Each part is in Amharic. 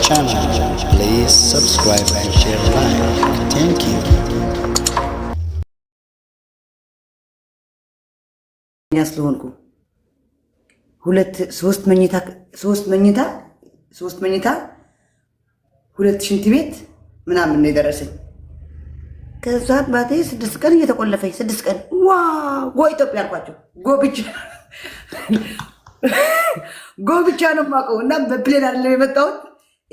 channel. Please subscribe and share like. Thank you. ስለሆንኩ ሁለት ሶስት መኝታ ሶስት መኝታ ሶስት መኝታ ሁለት ሽንት ቤት ምናምን ነው የደረሰኝ። ከዛ ስድስት ቀን እየተቆለፈኝ ስድስት ቀን ዋ ጎ ኢትዮጵያ አልኳቸው። ጎ ብቻ ነው የማውቀው እና በፕሌን አይደለም የመጣሁት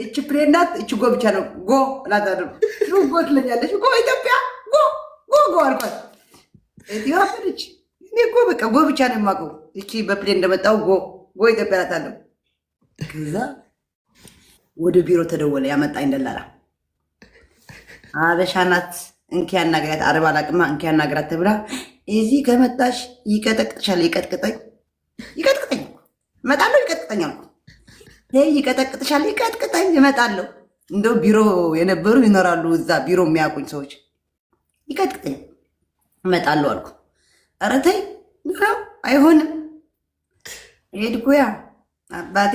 እች ፕሬናት እች ጎ ብቻ ነው ጎ ላታደ ጎ ትለኛለች። ጎ ኢትዮጵያ ጎ ጎ ጎ አልኳት። ኢትዮች እኔ ጎ በቃ ጎ ብቻ ነው የማውቀው። እቺ በፕሌን እንደመጣው ጎ ጎ ኢትዮጵያ ላታለሁ። ከዛ ወደ ቢሮ ተደወለ ያመጣ ይንደላላ አበሻናት እንኪ ያናገራት አረብ አላቅማ እንኪ ያናገራት ተብላ እዚህ ከመጣሽ ይቀጠቅጥሻል። ይቀጥቅጠኝ ይቀጥቅጠኝ እመጣለሁ ይቀጥቅጠኝ አልኩት። ይቀጠቅጥሻል። ይቀጥቅጠኝ እመጣለሁ። እንደው ቢሮ የነበሩ ይኖራሉ፣ እዛ ቢሮ የሚያውቁኝ ሰዎች ይቀጥቅጠኝ እመጣለሁ አልኩ። ኧረ ተይ አይሆንም። አባቴ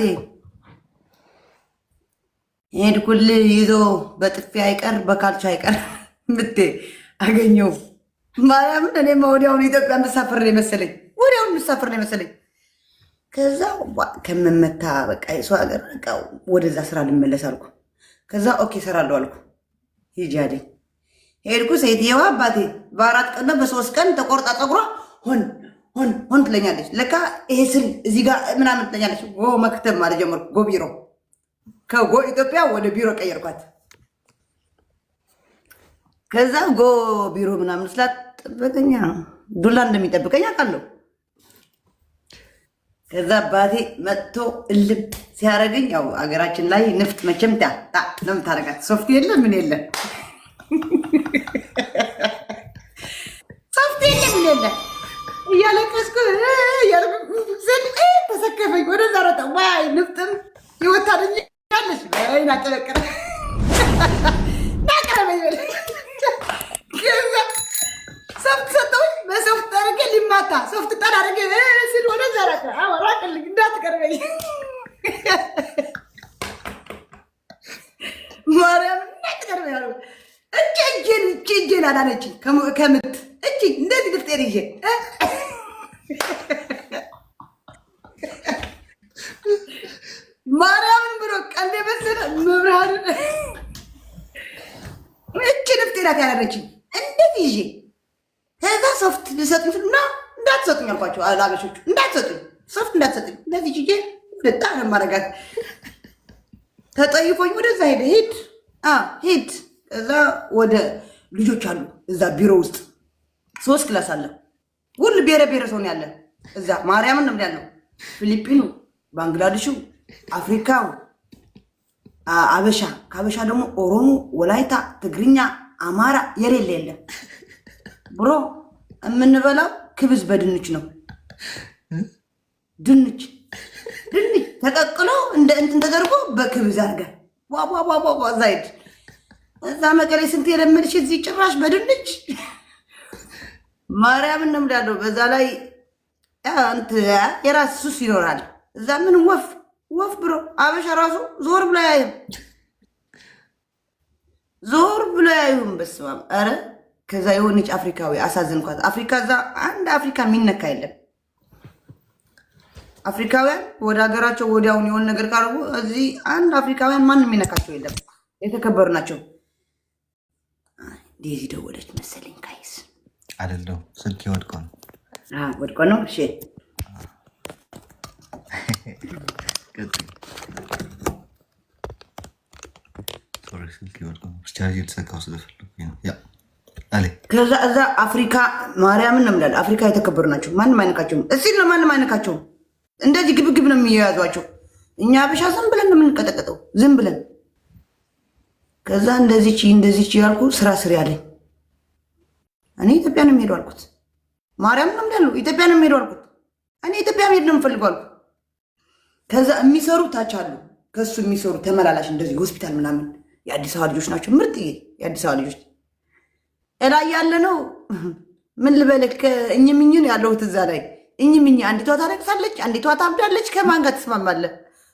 ሄድኩል ይዞ በጥፊ አይቀር በካልቻ አይቀር ምቴ አገኘው ማርያምን። እኔማ ወዲያውኑ ኢትዮጵያ ምሳፍር ነው የመሰለኝ፣ ወዲያውኑ ምሳፍር ነው የመሰለኝ። ከዛ ከመመታ በቃ የሰው ሀገር በቃ ወደዛ ስራ ልመለስ አልኩ። ከዛ ኦኬ እሰራለሁ አልኩ። ሂጂ አለኝ። ሄድኩ። ሴትየዋ አባቴ በአራት ቀን በሶስት ቀን ተቆርጣ ፀጉሯ ሆን ሆን ሆን ትለኛለች። ለካ ይሄ ስል እዚህ ጋር ምናምን ትለኛለች። ጎ መክተብ ማለት ጀመርኩ። ጎ ቢሮ ከጎ ኢትዮጵያ ወደ ቢሮ ቀየርኳት። ከዛ ጎ ቢሮ ምናምን ስላት ጠበቀኛ ዱላ እንደሚጠብቀኝ አውቃለሁ። ከዛ አባቴ መጥቶ እልም ሲያደርገኝ ያው አገራችን ላይ ንፍጥ መቼም ዳጣ ነው የምታደርጋት። ሶፍት የለ ምን የለ ሶፍት የለ ምን የለ እያለቀስኩ ተሰከፈኝ። ወደዛ ሮጠ ዋይ ንፍጥም ይወታደኝ ያለች ይናጨበቀረ ናቀረበኝ በለ ሰፍት ሰጠሁኝ። በሰፍት አድርጌ ሊማታ ሰፍት ጣል አድርጌ ስል ወደ ዘረከ አወራቅልኝ እንዳትቀርበኝ ማርያም እንዳትቀርበኝ አለ። እጅ እጅን እጅ እጅን አዳነችኝ ከምት እጅ እንደዚህ ልፍጤን ይዤ ማርያምን ብሎ ቀልድ የመሰለ መብርሃን እች ልፍጤናት ያዳነችኝ እንደዚህ ይዤ እንዳትሰጡኝ አልኳቸው። ለአበሾቹ እንዳትሰጡኝ፣ ሶፍት እንዳትሰጡኝ። እንደዚህ ጅዬ ልጣን ማረጋት ተጠይፎኝ ወደዛ ሄደ ሄድ ሄድ እዛ ወደ ልጆች አሉ እዛ ቢሮ ውስጥ ሶስት ክላስ አለ። ሁሉ ብሔረ ብሔረ ነው ያለ እዛ ማርያምን ነው ያለው። ፊሊፒኑ፣ ባንግላዴሹ፣ አፍሪካው፣ አበሻ ከአበሻ ደግሞ ኦሮሞ፣ ወላይታ፣ ትግርኛ፣ አማራ የሌለ የለ ብሮ የምንበላው ክብዝ በድንች ነው። ድንች ድንች ተቀቅሎ እንደ እንትን ተደርጎ በክብዝ አድርጋ ዋዋዋዋ ዛይድ እዛ መቀሌ ስንት የለመድሽ እዚህ ጭራሽ በድንች ማርያምን ነው በዛ ላይ የራስ ሱስ ይኖራል። እዛ ምን ወፍ ወፍ ብሎ አበሻ ራሱ ዞር ብሎ ያዩም ዞር ብሎ ያዩም በስመ አብ ከዛ የሆነች አፍሪካዊ አሳዝንኳት። አፍሪካ እዛ አንድ አፍሪካ የሚነካ የለም። አፍሪካውያን ወደ ሀገራቸው ወዲያውን የሆነ ነገር ካረጉ እዚህ አንድ አፍሪካውያን ማንም የሚነካቸው የለም። የተከበሩ ናቸው። ዴዚ ደወለች መሰለኝ። ካይስ አደለው ስልክ ወድቆ ነው ወድቆ ነው። እሺ ስልክ ወድቆ ነው። ቻርጅ የተሰካው ስለፈለኩ ያ ከዛ እዛ አፍሪካ ማርያምን ነው ምላል አፍሪካ የተከበሩ ናቸው። ማንም አይነካቸውም። እስኪ ለማንም አይነካቸውም። እንደዚህ ግብግብ ነው የሚያያዟቸው። እኛ አበሻ ዝም ብለን ነው የምንቀጠቀጠው፣ ዝም ብለን ከዛ እንደዚች እንደዚች ያልኩ ስራ ስሪ አለኝ። እኔ ኢትዮጵያ ነው የሚሄዱ አልኩት። ማርያም ነው ምላል ኢትዮጵያ ነው የሚሄዱ አልኩት። እኔ ኢትዮጵያ መሄድ ነው የምፈልገው አልኩት። ከዛ የሚሰሩ ታች አሉ ከሱ የሚሰሩ ተመላላሽ እንደዚህ ሆስፒታል ምናምን የአዲስ አበባ ልጆች ናቸው። ምርጥዬ የአዲስ አበባ ልጆች እላይ ያለ ነው። ምን ልበልክ? እኝ ምኝ ነው ያለሁት እዛ ላይ እኝ ምኝ። አንዲቷ ታለቅሳለች፣ አንዲቷ ታብዳለች። ከማን ጋር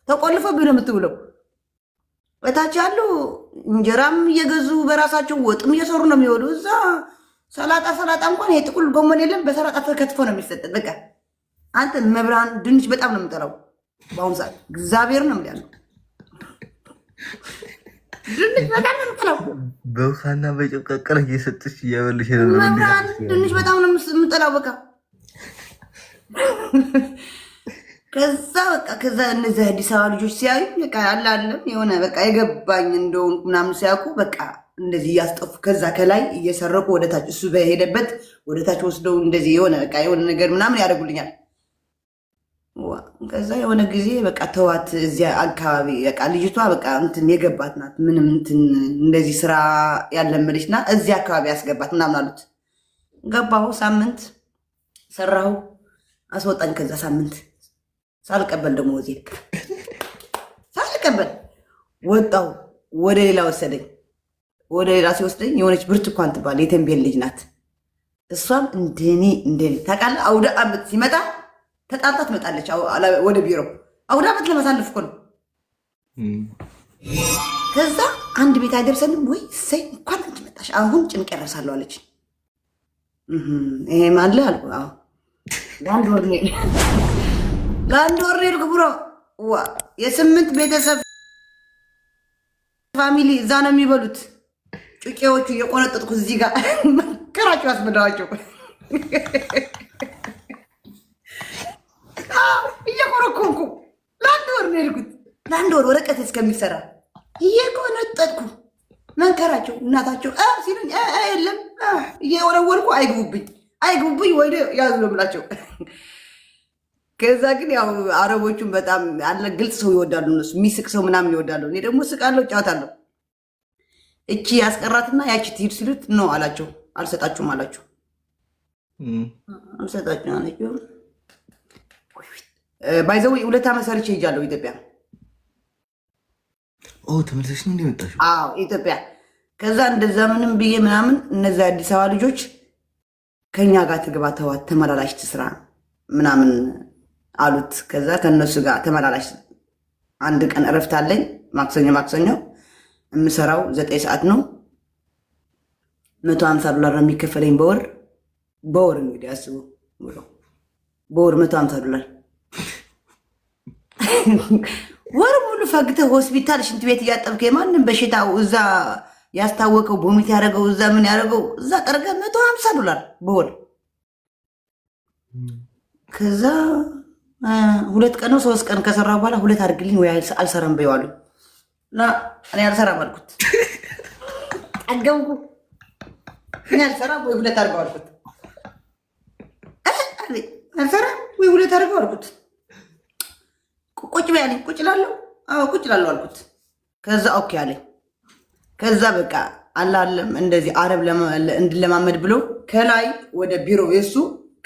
ተቆልፎ ብሎ የምትውለው በታች ያሉ እንጀራም እየገዙ በራሳቸው ወጥም እየሰሩ ነው የሚወሉ። እዛ ሰላጣ ሰላጣ እንኳን የጥቁል ጎመን የለም፣ በሰላጣ ተከትፎ ነው የሚሰጥ። በቃ አንተ መብራን ድንች በጣም ነው የምጠላው በአሁኑ ሰዓት እግዚአብሔር ነው ያለው። በውሳና በጭብቀቀለ እየሰጥሽ እያበልሽ ድንች በጣም ነው የምጠላው። በቃ ከዛ በቃ ከዛ እነዚህ አዲስ አበባ ልጆች ሲያዩ በቃ አላለም የሆነ በቃ የገባኝ እንደሆን ምናምን ሲያውቁ በቃ እንደዚህ እያስጠፉ ከዛ ከላይ እየሰረቁ ወደታች እሱ በሄደበት ወደታች ወስደው እንደዚህ የሆነ በቃ የሆነ ነገር ምናምን ያደርጉልኛል። ከዛ የሆነ ጊዜ በቃ ተዋት። እዚያ አካባቢ በቃ ልጅቷ በቃ እንትን የገባት ናት። ምንም እንትን እንደዚህ ስራ ያለመደች ናት። እዚያ አካባቢ ያስገባት ምናምን አሉት። ገባሁ፣ ሳምንት ሰራሁ፣ አስወጣኝ። ከዛ ሳምንት ሳልቀበል ደግሞ ወዜ ሳልቀበል ወጣሁ። ወደ ሌላ ወሰደኝ። ወደ ሌላ ሲወስደኝ የሆነች ብርቱካን ትባል የተንቤል ልጅ ናት። እሷም እንደኔ እንደኔ ታውቃለህ፣ አውደ አመት ሲመጣ ተጣርታ ትመጣለች ወደ ቢሮ። አውደ ዓመት ለማሳለፍ እኮ ነው። ከዛ አንድ ቤት አይደርሰንም ወይ ሰይ እንኳን አንቺ መጣሽ፣ አሁን ጭንቅ ያደርሳለሁ አለች። ይሄ ማለ አልኩ። ለአንድ ወር ለአንድ ወር ሄድኩ ብሮ የስምንት ቤተሰብ ፋሚሊ እዛ ነው የሚበሉት። ጩቄዎቹ የቆነጠጥኩ እዚህ ጋር መከራቸው አስመዳዋቸው እየኮረኮንኩ ለአንድ ወር ነው የሄድኩት። ለአንድ ወር ወረቀት እስከሚሰራ እየቆነጠጥኩ መንከራቸው እናታቸው ሲሉኝ የለም እየወረወርኩ አይግቡብኝ አይግቡብኝ ወይ ያዙ ነው ብላቸው። ከዛ ግን ያው አረቦቹን በጣም አለ ግልጽ ሰው ይወዳሉ እነሱ የሚስቅ ሰው ምናምን ይወዳሉ። እኔ ደግሞ ስቃለሁ፣ ጫወታለሁ። እቺ ያስቀራትና ያቺ ትሂድ ሲሉት ነው አላቸው። አልሰጣችሁም አላቸው። አልሰጣችሁም አላቸው። ባይዘው uh, ሁለት ዓመት ሰርቼ ሄጃለሁ ኢትዮጵያ። ኦ ተመልሰሽ ነው እንደመጣሽ? አዎ ኢትዮጵያ። ከዛ እንደዛ ምንም ብዬ ምናምን እነዚ አዲስ አበባ ልጆች ከኛ ጋር ትግባ ተዋት፣ ተመላላሽ ትስራ ምናምን አሉት። ከዛ ከእነሱ ጋር ተመላላሽ አንድ ቀን እረፍት አለኝ ማክሰኞ ማክሰኞ የምሰራው ዘጠኝ ሰዓት ነው። መቶ ሀምሳ ዶላር ነው የሚከፈለኝ በወር በወር እንግዲህ አስቡ ብሎ በወር መቶ ሀምሳ ዶላር ወር ሙሉ ፈግተህ ሆስፒታል ሽንት ቤት እያጠብከ የማንም በሽታው እዛ ያስታወቀው ቦሚት ያደረገው እዛ ምን ያደረገው እዛ ጠርገ መቶ ሀምሳ ዶላር በሆነ ከዛ ሁለት ቀን ነው ሶስት ቀን ከሰራ በኋላ ሁለት አድርግልኝ ወይ አልሰራም በይዋሉ እኔ አልሰራም አልኩት። ጠገምኩ እኔ አልሰራም ወይ ሁለት አድርገው አልኩት። አልሰራም ወይ ሁለት አድርገው አልኩት። ቁጭ በይ አለኝ። ቁጭ እላለሁ። አዎ ቁጭ እላለሁ አልኩት። ከዛ ኦኬ አለኝ። ከዛ በቃ አላለም እንደዚህ አረብ እንድለማመድ ብሎ ከላይ ወደ ቢሮ የሱ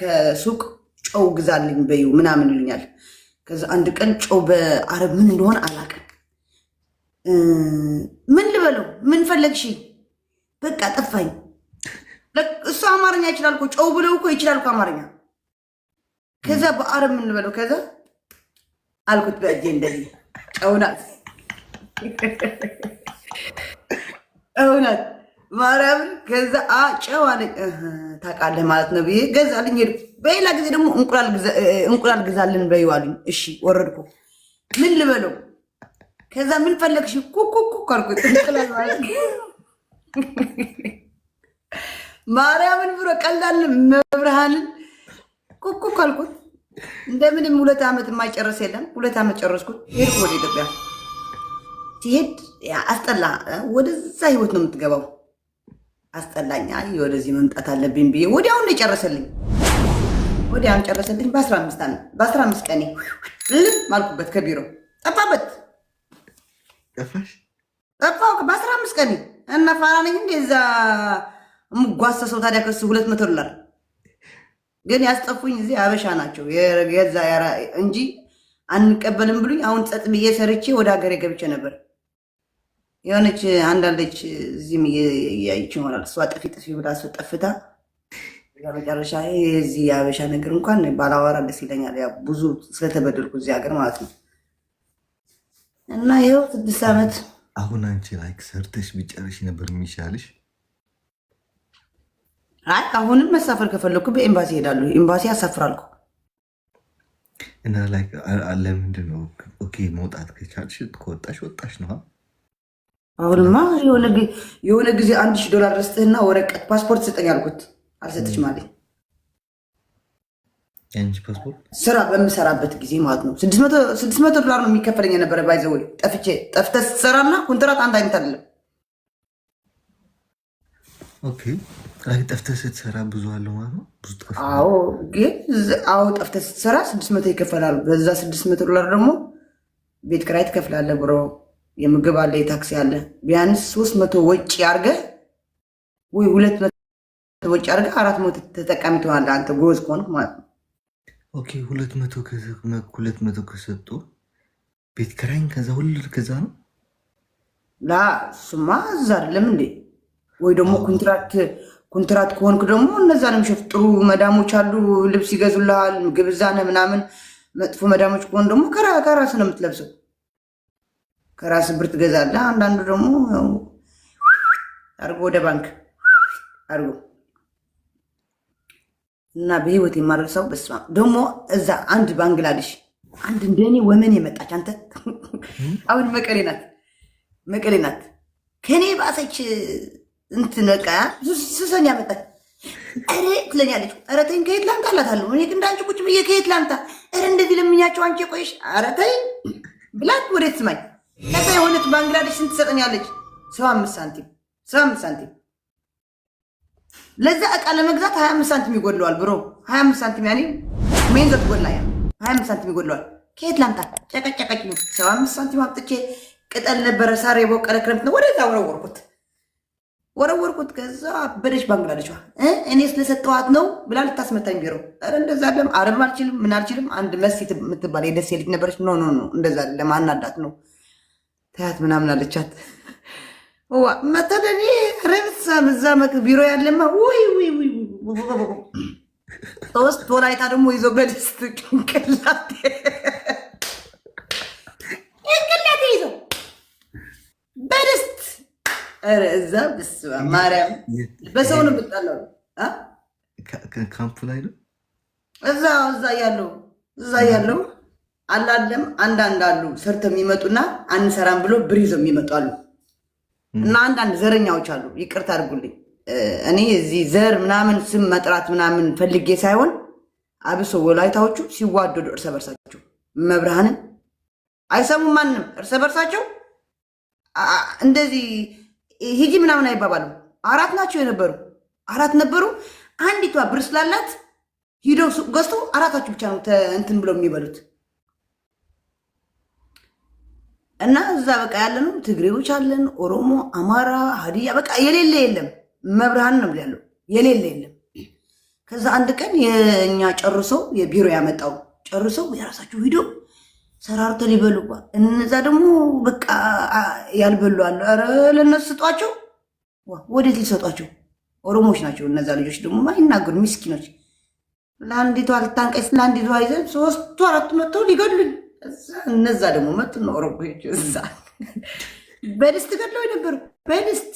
ከሱቅ ጨው ግዛልኝ በዩ ምናምን ይሉኛል። ከዛ አንድ ቀን ጨው በአረብ ምን እንደሆነ አላውቅም። ምን ልበለው? ምን ፈለግሽ? በቃ ጠፋኝ። እሱ አማርኛ ይችላል እኮ ጨው ብለው እኮ ይችላል እኮ አማርኛ። ከዛ በአረብ ምን ልበለው? ከዛ አልኩት በእጄ እንደዚህ። እውነት እውነት ማርያምን። ከዛ ጨው አለኝ ታውቃለህ ማለት ነው ብዬ ገዛልኝ ሄድኩ። በሌላ ጊዜ ደግሞ እንቁላል ግዛልን በይው እሺ ወረድኩ። ምን ልበለው? ከዛ ምን ፈለግሽ? ኩኩኩክ አልኩት። እንቁላል ማለት ማርያምን ብሎ ቀላል መብርሃንን ኩኩክ አልኩት። እንደምንም ሁለት ዓመት የማይጨረስ የለም። ሁለት ዓመት ጨረስኩት። ሄድኩ ወደ ኢትዮጵያ። ሲሄድ አስጠላ። ወደዛ ህይወት ነው የምትገባው። አስጠላኛ። ወደዚህ መምጣት አለብኝ ብዬ ወዲያውን የጨረሰልኝ፣ ወዲያውን ጨረሰልኝ። በአስራ አምስት ዓመት በአስራ አምስት ቀኔ ማልኩበት። ከቢሮ ጠፋበት፣ ጠፋሽ? ጠፋ። በአስራ አምስት ቀኔ እና ፋራ ነኝ እንደዛ የምጓሰ ሰው ታዲያ ከሱ ሁለት መቶ ዶላር ግን ያስጠፉኝ እዚህ አበሻ ናቸው የገዛ ያራ እንጂ አንቀበልም ብሉኝ። አሁን ጸጥ ብዬ ሰርቼ ወደ ሀገር ገብቼ ነበር። የሆነች አንዳለች እዚህም እያየች ይሆናል እሷ ጥፊ ጥፊ ብላ ጠፍታ መጨረሻ የዚህ የአበሻ ነገር እንኳን ባላወራ ደስ ይለኛል። ብዙ ስለተበደልኩ እዚህ ሀገር ማለት ነው። እና ይኸው ስድስት ዓመት አሁን አንቺ ላይክ ሰርተሽ ቢጨርሽ ነበር የሚሻልሽ። አይ አሁንም መሳፈር ከፈለግኩ በኤምባሲ ሄዳለሁ። ኤምባሲ ያሳፍራልኩ እና ለምንድን ነው ኦኬ፣ መውጣት ከቻልሽ ከወጣሽ ወጣሽ ነው። አሁንማ የሆነ ጊዜ አንድ ሺህ ዶላር ረስትህና ወረቀት ፓስፖርት ስጠኝ አልኩት፣ አልሰጥችም አለኝ። ስራ በምሰራበት ጊዜ ማለት ነው። ስድስት መቶ ዶላር ነው የሚከፈለኝ የነበረ። ባይዘወ ጠፍቼ ጠፍተህ ስትሰራና ኮንትራት አንድ አይነት አይደለም። ኦኬ ጠፍተህ ስትሰራ ብዙ አለው ማለት ነው። አዎ ግን አዎ ጠፍተህ ስትሰራ ስድስት መቶ ይከፈላል። በዛ ስድስት መቶ ዶላር ደግሞ ቤት ክራይ ትከፍላለህ፣ ብሮ የምግብ አለ፣ የታክሲ አለ። ቢያንስ ሶስት መቶ ወጪ አድርገህ ወይ ሁለት መቶ ወጪ አድርገህ አራት መቶ ተጠቃሚ ትሆናለህ፣ አንተ ጎዝ ከሆንክ ማለት ነው። ኦኬ ሁለት መቶ ሁለት መቶ ከሰጡ ቤት ክራይን ከዛ ሁሉ ከዛ ነው ላ እሱማ እዛ አይደለም እንዴ ወይ ደግሞ ኮንትራክት ኮንትራት ከሆንክ ደግሞ እነዛንም ሸፍ ጥሩ መዳሞች አሉ፣ ልብስ ይገዙልሃል፣ ምግብ ግብዛነ ምናምን። መጥፎ መዳሞች ከሆኑ ደግሞ ከራስ ነው የምትለብሰው፣ ከራስ ብር ትገዛለህ። አንዳንዱ ደግሞ አርጎ ወደ ባንክ አርጎ እና በህይወት የማረሰው በስማ ደግሞ እዛ አንድ ባንግላዴሽ አንድ እንደኔ ወመን የመጣች አንተ አሁን መቀሌ ናት መቀሌ ናት ከኔ ባሰች እንትን በቃ ሱሰን ያመጣል። ኧረ ትለኛለች። ኧረ ተይኝ ከየት ላምጣ እላታለሁ። እኔ ግን እንዳንቺ ቁጭ ብዬ ከየት ላምጣ? ኧረ እንደዚህ ለምኛቸው አንቺ ቆይሽ። ኧረ ተይኝ ብላት ወዴት ስማኝ ከዛ የሆነች ባንግላዴሽ ስንት ትሰጠኛለች? ሰባ አምስት ሳንቲም ሰባ አምስት ሳንቲም ለዛ እቃ ለመግዛት ሀያ አምስት ሳንቲም ይጎድለዋል። ብሮ ሀያ አምስት ሳንቲም ያኔ ሜን ዘት ያ ሀያ አምስት ሳንቲም ይጎድለዋል። ከየት ላምጣ? ጨቀጨቀች ነው ሰባ አምስት ሳንቲም አምጥቼ ቅጠል ነበረ ሳር የቦቀለ ክረምት ነው ወደዛ ወረወርኩት። ወረወርኩት። ከዛ በደሽ ባንግላዴሿ እኔ ስለሰጠዋት ነው ብላ ልታስመታኝ ቢሮ እንደዛ ለም አረብ አልችልም ምን አልችልም። አንድ መስ የምትባል የደሴ ልጅ ነበረች። ኖ ኖ እንደዛ ለማናዳት ነው ታያት ምናምን አለቻት። መተደኔ ረብሳ እዛ ቢሮ ያለማ ወይ ወይ ሶስት ወላይታ ደግሞ ይዞ በደስት ጭንቅላቴ ጭንቅላቴ ይዞ በደስት ኧረ እዛ ብስማ ማርያም በሰው ነው ላይ ነው እዛ እዛ ያለው እዛ ያለው አላለም። አንዳንድ አሉ ሰርተው የሚመጡና አንሰራም ብሎ ብር ይዘው የሚመጡ አሉ። እና አንዳንድ ዘረኛዎች አሉ። ይቅርታ አድርጉልኝ። እኔ እዚህ ዘር ምናምን ስም መጥራት ምናምን ፈልጌ ሳይሆን አብሶ ወላይታዎቹ ሲዋደዱ እርሰ በርሳቸው መብርሃንን አይሰሙም። ማንም እርሰ በርሳቸው እንደዚህ ሂጂ ምናምን አይባባልም። አራት ናቸው የነበሩ አራት ነበሩ። አንዲቷ ብር ስላላት ሂደው ሱቅ ገዝቶ አራታችሁ ብቻ ነው እንትን ብለው የሚበሉት እና እዛ በቃ ያለ ነው። ትግሬዎች አለን፣ ኦሮሞ፣ አማራ፣ ሀዲያ በቃ የሌለ የለም። መብርሃን ነው ያለው የሌለ የለም። ከዛ አንድ ቀን የእኛ ጨርሰው የቢሮ ያመጣው ጨርሰው የራሳችሁ ሂደው ሰራርተ ሊበሉባ እነዛ ደግሞ በቃ ያልበሉ አሉ። ኧረ ለእነሱ ስጧቸው፣ ወዴት ሊሰጧቸው? ኦሮሞዎች ናቸው እነዛ ልጆች ደግሞ አይናገሩ ሚስኪኖች። ለአንዲቷ ልታንቀይ ለአንዲቷ ይዘ ሶስቱ አራቱ መጥተው ሊገሉኝ፣ እነዛ ደግሞ መጡ ነው ኦሮሞዎች። እዛ በድስት ገድለው ነበሩ። በድስት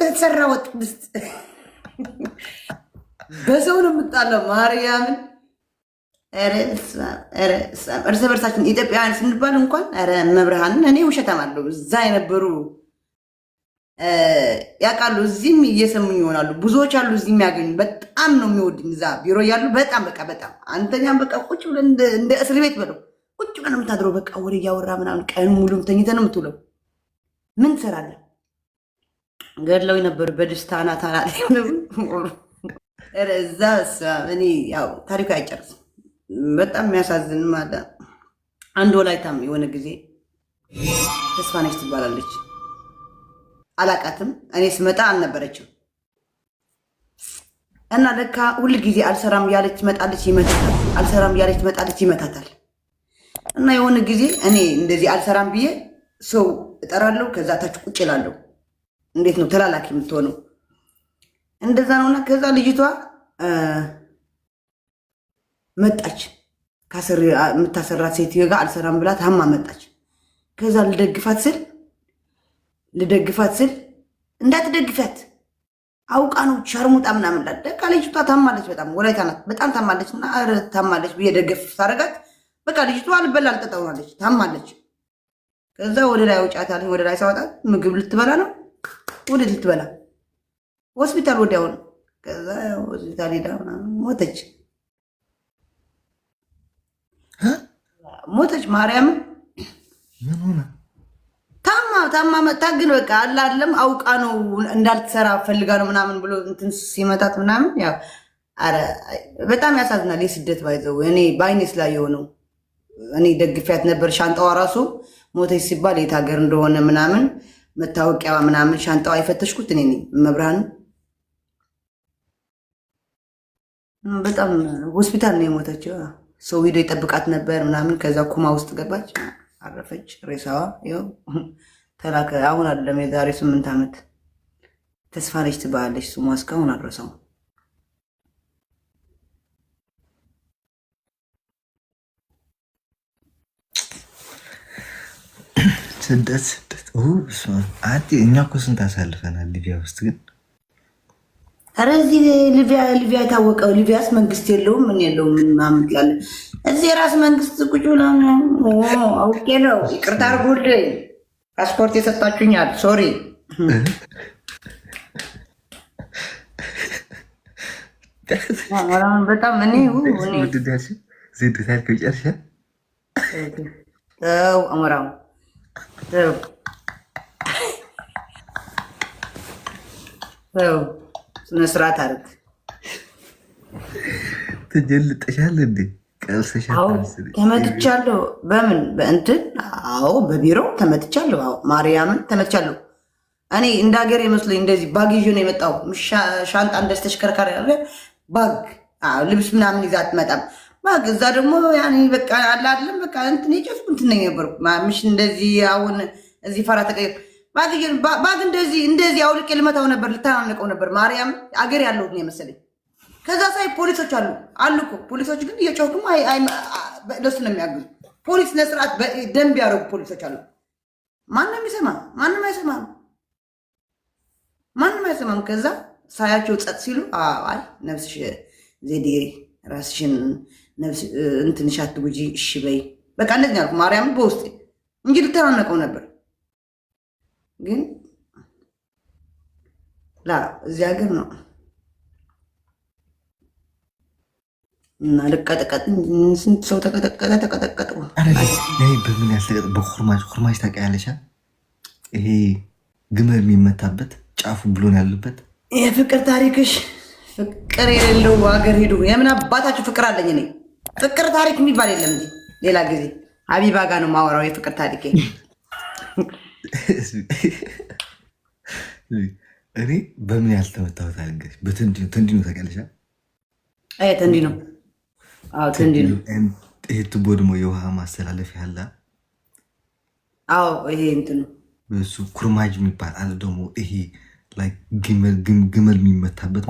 ተሰራ ወጥ ድስት በሰው ነው የምጣለው ማርያምን እርስ በርሳችን ኢትዮጵያውያን ስንባል እንኳን ረ መብርሃንን እኔ ውሸታም አለው። እዛ የነበሩ ያውቃሉ፣ እዚህም እየሰሙኝ ይሆናሉ። ብዙዎች አሉ እዚህ የሚያገኙ በጣም ነው የሚወድኝ። እዛ ቢሮ ያሉ በጣም በቃ በጣም አንተኛም በቃ ቁጭ ብለን እንደ እስር ቤት በለው ቁጭ ብለን የምታድረው በቃ ወሬ እያወራ ምናምን ቀኑ ሙሉ ተኝተህ ነው የምትውለው። ምን ትሰራለህ? ገድለው ነበር በድስታና ናታና እዛ እኔ ታሪኩ አይጨርስም። በጣም የሚያሳዝን ማለ አንድ ወላይታም የሆነ ጊዜ ተስፋነች ትባላለች። አላቃትም። እኔ ስመጣ አልነበረችም። እና ለካ ሁል ጊዜ አልሰራም ያለች ትመጣለች ይመታታል። አልሰራም ያለች ትመጣለች ይመታታል። እና የሆነ ጊዜ እኔ እንደዚህ አልሰራም ብዬ ሰው እጠራለሁ። ከዛ ታች ቁጭ እላለሁ። እንዴት ነው ተላላኪ የምትሆነው? እንደዛ ነውና ከዛ ልጅቷ መጣች። ከስር የምታሰራት ሴትዮ ጋር አልሰራም ብላ ታማ መጣች። ከዛ ልደግፋት ስል ልደግፋት ስል እንዳትደግፊያት አውቃ ነው ሸርሙጣ ምናምን ላ ደቃ ልጅቷ ታማለች፣ በጣም ወላይታ ናት፣ በጣም ታማለች። እና ኧረ ታማለች ብዬ ደገፍ ታደርጋት በቃ ልጅቷ አልበላ አልጠጣውናለች፣ ታማለች። ከዛ ወደ ላይ አውጫታለኝ። ወደ ላይ ሳወጣት ምግብ ልትበላ ነው፣ ወዴት ልትበላ ሆስፒታል ወዲያውኑ። ከዛ ሆስፒታል ሄዳ ሞተች። ሞተች። ማርያም ምን ሆነ? ታማ ታማ መታ። ግን በቃ አላለም አውቃ ነው እንዳልትሰራ ፈልጋ ነው ምናምን ብሎ እንትን ሲመታት ምናምን ያው አረ በጣም ያሳዝናል። የስደት ባይዘው እኔ በአይኔ ላይ የሆነው እኔ ደግፊያት ነበር። ሻንጣዋ ራሱ ሞተች ሲባል የት ሀገር እንደሆነ ምናምን መታወቂያዋ ምናምን ሻንጣዋ የፈተሽኩት እኔ ነኝ። መብርሃን በጣም ሆስፒታል ነው የሞተችው። ሰው ሂዶ ይጠብቃት ነበር ምናምን። ከዛ ኩማ ውስጥ ገባች፣ አረፈች። ሬሳዋ ይኸው ተላከ። አሁን አይደለም የዛሬ ስምንት ዓመት ተስፋለች ትባላለች። ስሟ እስካሁን አድረሰው ስደት ስደት እኛ እኮ ስንት አሳልፈናል ሊቢያ ውስጥ ግን ኧረ እዚህ ሊቢያ ሊቢያ የታወቀው ሊቢያስ መንግስት የለውም ምን የለውም ምን ማምት ያለ እዚህ የራስ መንግስት ቁጭ ብላ አውቄ ነው ይቅርታ አድርጎልኝ ፓስፖርት የሰጣችሁኛል ሶሪ በጣም እኔ አሞራው ተው ስነስርዓት አድርግ። ተጀልጠሻል እንዴ? ተመትቻለሁ። በምን በእንትን? አዎ በቢሮ ተመትቻለሁ። አዎ ማርያምን ተመትቻለሁ። እኔ እንደ ሀገር ይመስለኝ እንደዚህ ባግ ይዤ ነው የመጣው። ሻንጣ እንደዚህ ተሽከርካሪ ያለ ባግ ልብስ ምናምን ይዛ አትመጣም። ባግ እዛ ደግሞ በቃ አላለም በቃ እንትን የጨፍኩ እንትን ነው የነበርኩ ምሽ እንደዚህ አሁን እዚህ ፈራ ተቀ ባግ እንደዚህ እንደዚህ አውልቄ ልመታው ነበር፣ ልተናነቀው ነበር። ማርያም አገር ያለው ነው የመሰለኝ። ከዛ ሳይ ፖሊሶች አሉ አሉ እኮ ፖሊሶች ግን እየጮኩም ለሱ ነው የሚያግዙ ፖሊስ ነስርዓት ደንብ ያደረጉ ፖሊሶች አሉ። ማንም ይሰማ ማንም አይሰማም፣ ማንም አይሰማም። ከዛ ሳያቸው ጸጥ ሲሉ አይ ነፍስሽ ዜዴ ራስሽን እንትንሽ አትጉጂ እሺ በይ በቃ እንደዚህ ያልኩ ማርያም በውስጤ እንጂ ልተናነቀው ነበር ግን ላ እዚህ ሀገር ነው እና ስንት ሰው ተቀጠቀጠ ተቀጠቀጠ። በምን ያልተቀጠ በኩርማች ኩርማች ታውቂያለሽ? ይሄ ግመል የሚመታበት ጫፉ ብሎን ያለበት የፍቅር ታሪክሽ ፍቅር የሌለው ሀገር ሄዱ። የምን አባታችሁ ፍቅር አለኝ እኔ ፍቅር ታሪክ የሚባል የለም። ሌላ ጊዜ አቢባ ጋ ነው ማወራው የፍቅር ታሪክ እኔ በምን ያልተመታሁት አልንገሽ? ትንዲ ነው ተቀለሻ ትንዲ ነው ትንዲ ነው። ይሄ ቱቦ ደግሞ የውሃ ማስተላለፍ ያለ አዎ፣ ይሄ እሱ ኩርማጅ የሚባል አለ ደግሞ ይሄ ግመል የሚመታበት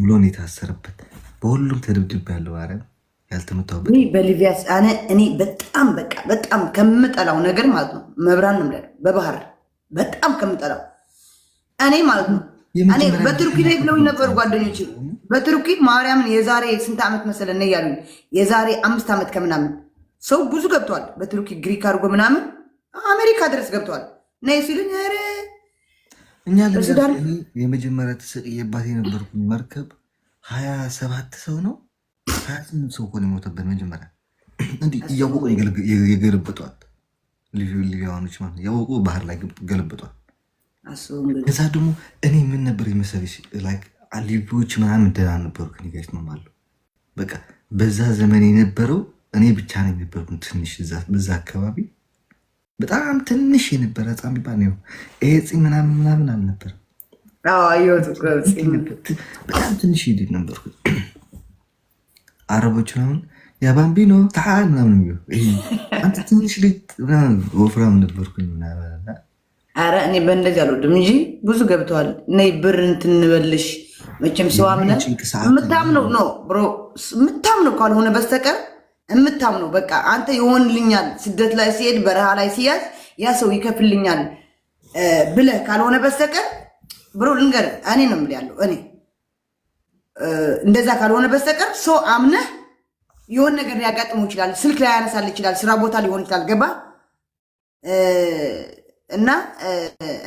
ብሎ የታሰረበት በሁሉም ተደብድብ ያለው አረም ያልተመታሁበት በሊቢያ እኔ በጣም በቃ በጣም ከምጠላው ነገር ማለት ነው መብራን ነው በባህር በጣም ከምጠላው እኔ ማለት ነው። እኔ በቱርኪ ላይ ብለውኝ ነበር ጓደኞች በቱርኪ ማርያምን የዛሬ ስንት ዓመት መሰለ የዛሬ አምስት ዓመት ከምናምን ሰው ብዙ ገብተዋል በቱርኪ ግሪክ አድርጎ ምናምን አሜሪካ ድረስ ገብተዋል። ና ሲሉኝ ኧረ እኛ የመጀመሪያ ተሰቅዬባት የነበርኩኝ መርከብ ሀያ ሰባት ሰው ነው ሳያስም ሰው እኮ ነው የሞተበት። መጀመሪያ እንዲህ እያወቁ ልዩ ሊቢያኖች ማለት እያወቁ ባህር ላይ ገለበጧል። ከዛ ደግሞ እኔ ምን ነበር የመሰለሽ ልዩዎች ምናምን ደህና ነበሩ። ከኒጋሽ ማማለሁ በቃ በዛ ዘመን የነበረው እኔ ብቻ ነው የነበርኩ ትንሽ በዛ አካባቢ በጣም ትንሽ የነበረ ህፃን የሚባል ነው ይሄ ፅ ምናምን ምናምን አልነበረም። በጣም ትንሽ ሄድ ነበርኩ። አረቦች ምናምን ያ ባምቢኖ ተዓል ምናምን ሚ አንተ ትንሽ ልጅ ወፍራም ነበርኩኝ ምናምንና አረ እኔ በእንደዚህ አልወድም እንጂ ብዙ ገብተዋል። ነይ ብር እንትንበልሽ መቼም ሰው የምታምነው ነው ብሮ የምታምነው ካልሆነ በስተቀር የምታምነው በቃ አንተ ይሆንልኛል፣ ስደት ላይ ሲሄድ በረሃ ላይ ሲያዝ ያ ሰው ይከፍልኛል ብለህ ካልሆነ በስተቀር ብሮ ልንገር እኔ ነው የምልህ ያለው እኔ እንደዛ ካልሆነ በስተቀር ሰው አምነህ የሆን ነገር ሊያጋጥመው ይችላል። ስልክ ላይ ያነሳል ይችላል። ስራ ቦታ ሊሆን ይችላል። ገባ እና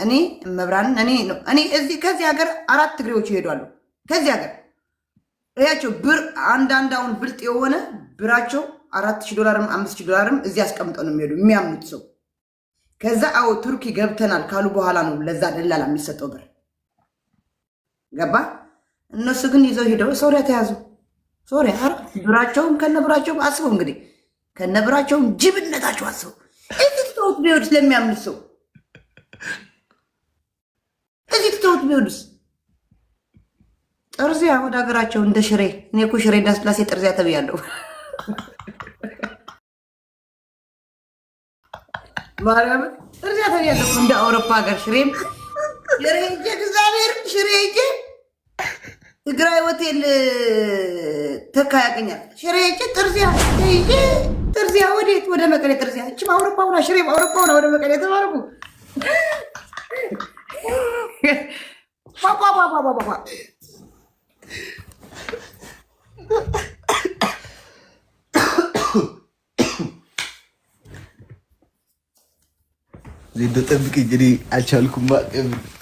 እኔ መብራንን እኔ እኔ እዚህ ከዚህ ሀገር አራት ትግሬዎች ይሄዷሉ። ከዚህ ሀገር እያቸው ብር አንዳንድ አሁን ብልጥ የሆነ ብራቸው አራት ሺ ዶላርም አምስት ሺ ዶላርም እዚህ አስቀምጠው ነው የሚሄዱ የሚያምኑት ሰው። ከዛ አዎ ቱርኪ ገብተናል ካሉ በኋላ ነው ለዛ ደላላ የሚሰጠው ብር ገባ እነሱ ግን ይዘው ሄደው ሶሪያ ተያዙ። ሶሪያ ብራቸውም ከነብራቸውም አስበው እንግዲህ ከነብራቸውም ጅብነታቸው አስበው እዚህ ትተውት ቢሄዱስ ለሚያምን ሰው እዚህ ትተውት ቢሄዱስ ጠርዚያ ወደ ሀገራቸው እንደ ሽሬ እኔ እኮ ሽሬ እንዳስላሴ ጠርዚያ ተብያለሁ። ማርያም ጠርዚያ ተብያለሁ። እንደ አውሮፓ ሀገር ሽሬም ሽሬ ሄጄ እግዚአብሔር ሽሬ ሄጄ ትግራይ ሆቴል ተካ ያገኛል። ሽሬ ሄጄ ጥርዚያ ሄጄ ጥርዚያ ወዴት ወደ መቀሌ ጥርዚያ እችም አውሮፓ ሽሬ አውሮፓ ሁና ወደ መቀሌ ተባረኩ። ጠብቅ እንግዲህ አልቻልኩም።